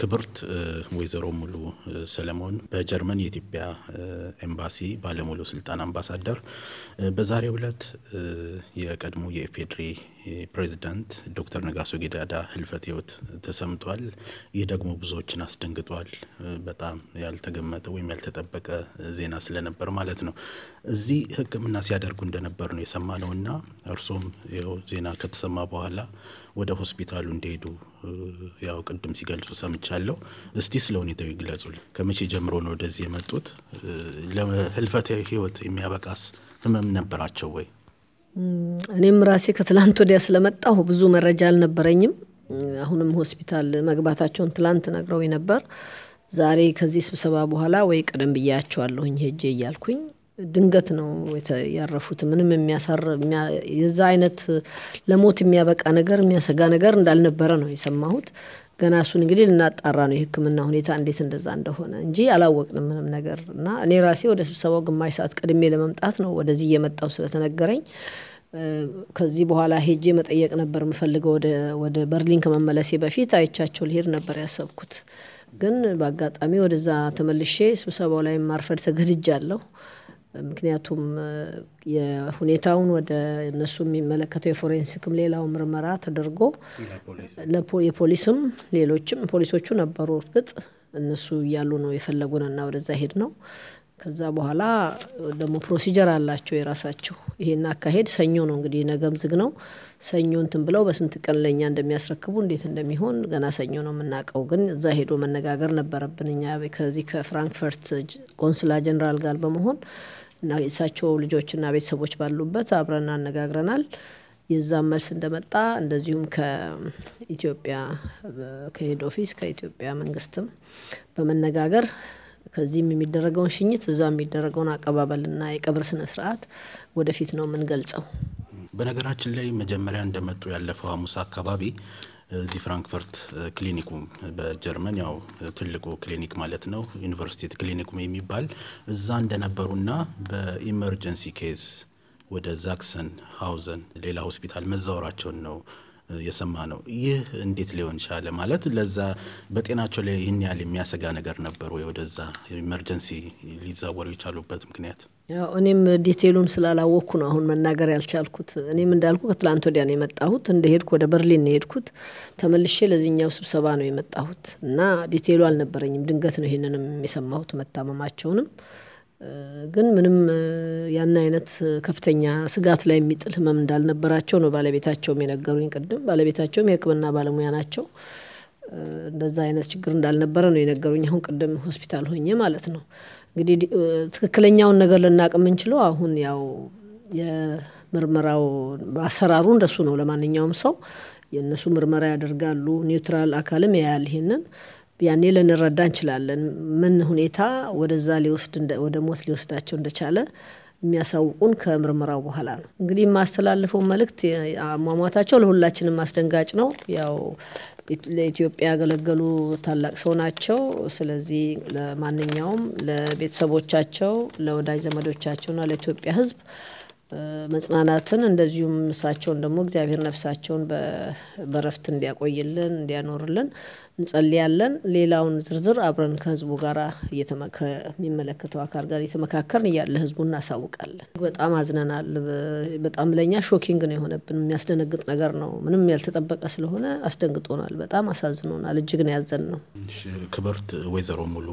ክብርት ወይዘሮ ሙሉ ሰለሞን በጀርመን የኢትዮጵያ ኤምባሲ ባለሙሉ ስልጣን አምባሳደር በዛሬው ዕለት የቀድሞ የኢፌዴሪ የፕሬዚዳንት ዶክተር ነጋሶ ጊዳዳ ህልፈት ህይወት ተሰምቷል። ይህ ደግሞ ብዙዎችን አስደንግጧል። በጣም ያልተገመጠ ወይም ያልተጠበቀ ዜና ስለነበር ማለት ነው። እዚህ ሕክምና ሲያደርጉ እንደነበር ነው ነው እና እርሶም ያው ዜና ከተሰማ በኋላ ወደ ሆስፒታሉ እንደሄዱ ያው ቅድም ሲገልጹ ሰምቻለሁ። እስቲ ስለ ሁኔታው ይግለጹልን። ከመቼ ጀምሮ ነው ወደዚህ የመጡት? ለህልፈት ህይወት የሚያበቃስ ህመም ነበራቸው ወይ? እኔም ራሴ ከትላንት ወዲያ ስለመጣሁ ብዙ መረጃ አልነበረኝም። አሁንም ሆስፒታል መግባታቸውን ትላንት ነግረው ነበር። ዛሬ ከዚህ ስብሰባ በኋላ ወይ ቀደም ብያቸዋለሁኝ ሄጄ እያልኩኝ ድንገት ነው ያረፉት። ምንም የሚያሳር የዛ አይነት ለሞት የሚያበቃ ነገር የሚያሰጋ ነገር እንዳልነበረ ነው የሰማሁት። ገና እሱን እንግዲህ ልናጣራ ነው የህክምና ሁኔታ እንዴት እንደዛ እንደሆነ እንጂ አላወቅንም ምንም ነገር እና እኔ ራሴ ወደ ስብሰባው ግማሽ ሰዓት ቅድሜ ለመምጣት ነው ወደዚህ እየመጣው ስለተነገረኝ ከዚህ በኋላ ሄጄ መጠየቅ ነበር የምፈልገው። ወደ በርሊን ከመመለሴ በፊት አይቻቸው ልሄድ ነበር ያሰብኩት፣ ግን በአጋጣሚ ወደዛ ተመልሼ ስብሰባው ላይ ማርፈድ ተገድጃለሁ። ምክንያቱም የሁኔታውን ወደ እነሱ የሚመለከተው የፎሬንሲክም ሌላው ምርመራ ተደርጎ የፖሊስም ሌሎችም ፖሊሶቹ ነበሩ እርግጥ እነሱ እያሉ ነው የፈለጉንና ወደዛ ሄድ ነው ከዛ በኋላ ደግሞ ፕሮሲጀር አላቸው የራሳቸው። ይሄን አካሄድ ሰኞ ነው እንግዲህ ነገም ዝግ ነው። ሰኞ እንትን ብለው በስንት ቀን ለእኛ እንደሚያስረክቡ እንዴት እንደሚሆን ገና ሰኞ ነው የምናውቀው። ግን እዛ ሄዶ መነጋገር ነበረብን እኛ ከዚህ ከፍራንክፈርት ቆንስላ ጀኔራል ጋር በመሆን እና የእሳቸው ልጆችና ቤተሰቦች ባሉበት አብረን አነጋግረናል። የዛ መልስ እንደመጣ እንደዚሁም ከኢትዮጵያ ከሄድ ኦፊስ ከኢትዮጵያ መንግስትም በመነጋገር ከዚህም የሚደረገውን ሽኝት እዛ የሚደረገውን አቀባበልና የቀብር ስነ ስርዓት ወደፊት ነው የምንገልጸው። በነገራችን ላይ መጀመሪያ እንደመጡ ያለፈው ሐሙስ አካባቢ እዚህ ፍራንክፈርት ክሊኒኩም በጀርመን ያው ትልቁ ክሊኒክ ማለት ነው ዩኒቨርሲቲ ክሊኒኩም የሚባል እዛ እንደነበሩና በኢመርጀንሲ ኬዝ ወደ ዛክሰን ሃውዘን ሌላ ሆስፒታል መዛወራቸውን ነው የሰማ ነው ይህ እንዴት ሊሆን ቻለ? ማለት ለዛ በጤናቸው ላይ ይህን ያህል የሚያሰጋ ነገር ነበር ወይ? ወደዛ ኢመርጀንሲ ሊዛወሩ የቻሉበት ምክንያት እኔም ዲቴሉን ስላላወቅኩ ነው አሁን መናገር ያልቻልኩት። እኔም እንዳልኩ ከትላንት ወዲያ ነው የመጣሁት። እንደ ሄድኩ ወደ በርሊን ነው የሄድኩት። ተመልሼ ለዚህኛው ስብሰባ ነው የመጣሁት እና ዲቴሉ አልነበረኝም። ድንገት ነው ይህንንም የሰማሁት መታመማቸውንም ግን ምንም ያን አይነት ከፍተኛ ስጋት ላይ የሚጥል ህመም እንዳልነበራቸው ነው ባለቤታቸውም የነገሩኝ። ቅድም ባለቤታቸውም የህክምና ባለሙያ ናቸው። እንደዛ አይነት ችግር እንዳልነበረ ነው የነገሩኝ። አሁን ቅድም ሆስፒታል ሆኜ ማለት ነው። እንግዲህ ትክክለኛውን ነገር ልናቅ የምንችለው አሁን ያው የምርመራው አሰራሩ እንደሱ ነው። ለማንኛውም ሰው የእነሱ ምርመራ ያደርጋሉ። ኒውትራል አካልም ያያል ይሄንን ያኔ ልንረዳ እንችላለን። ምን ሁኔታ ወደዛ ሊወስድ ወደ ሞት ሊወስዳቸው እንደቻለ የሚያሳውቁን ከምርመራው በኋላ ነው። እንግዲህ የማስተላልፈው መልእክት አሟሟታቸው ለሁላችንም አስደንጋጭ ነው። ያው ለኢትዮጵያ ያገለገሉ ታላቅ ሰው ናቸው። ስለዚህ ለማንኛውም ለቤተሰቦቻቸው፣ ለወዳጅ ዘመዶቻቸውና ለኢትዮጵያ ሕዝብ መጽናናትን እንደዚሁም እሳቸውን ደግሞ እግዚአብሔር ነፍሳቸውን በረፍት እንዲያቆይልን እንዲያኖርልን እንጸልያለን። ሌላውን ዝርዝር አብረን ከህዝቡ ጋር ከሚመለከተው አካል ጋር እየተመካከርን እያለ ህዝቡ እናሳውቃለን። በጣም አዝነናል። በጣም ለእኛ ሾኪንግ ነው የሆነብን፣ የሚያስደነግጥ ነገር ነው። ምንም ያልተጠበቀ ስለሆነ አስደንግጦናል። በጣም አሳዝኖናል። እጅግ ነው ያዘን ነው። ክብርት ወይዘሮ ሙሉ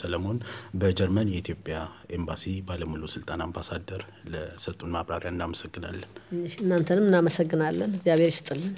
ሰለሞን በጀርመን የኢትዮጵያ ኤምባሲ ባለሙሉ ስልጣን አምባሳደር ለሰጡን ማብራሪያ እናመሰግናለን። እናንተንም እናመሰግናለን። እግዚአብሔር ይስጥልን።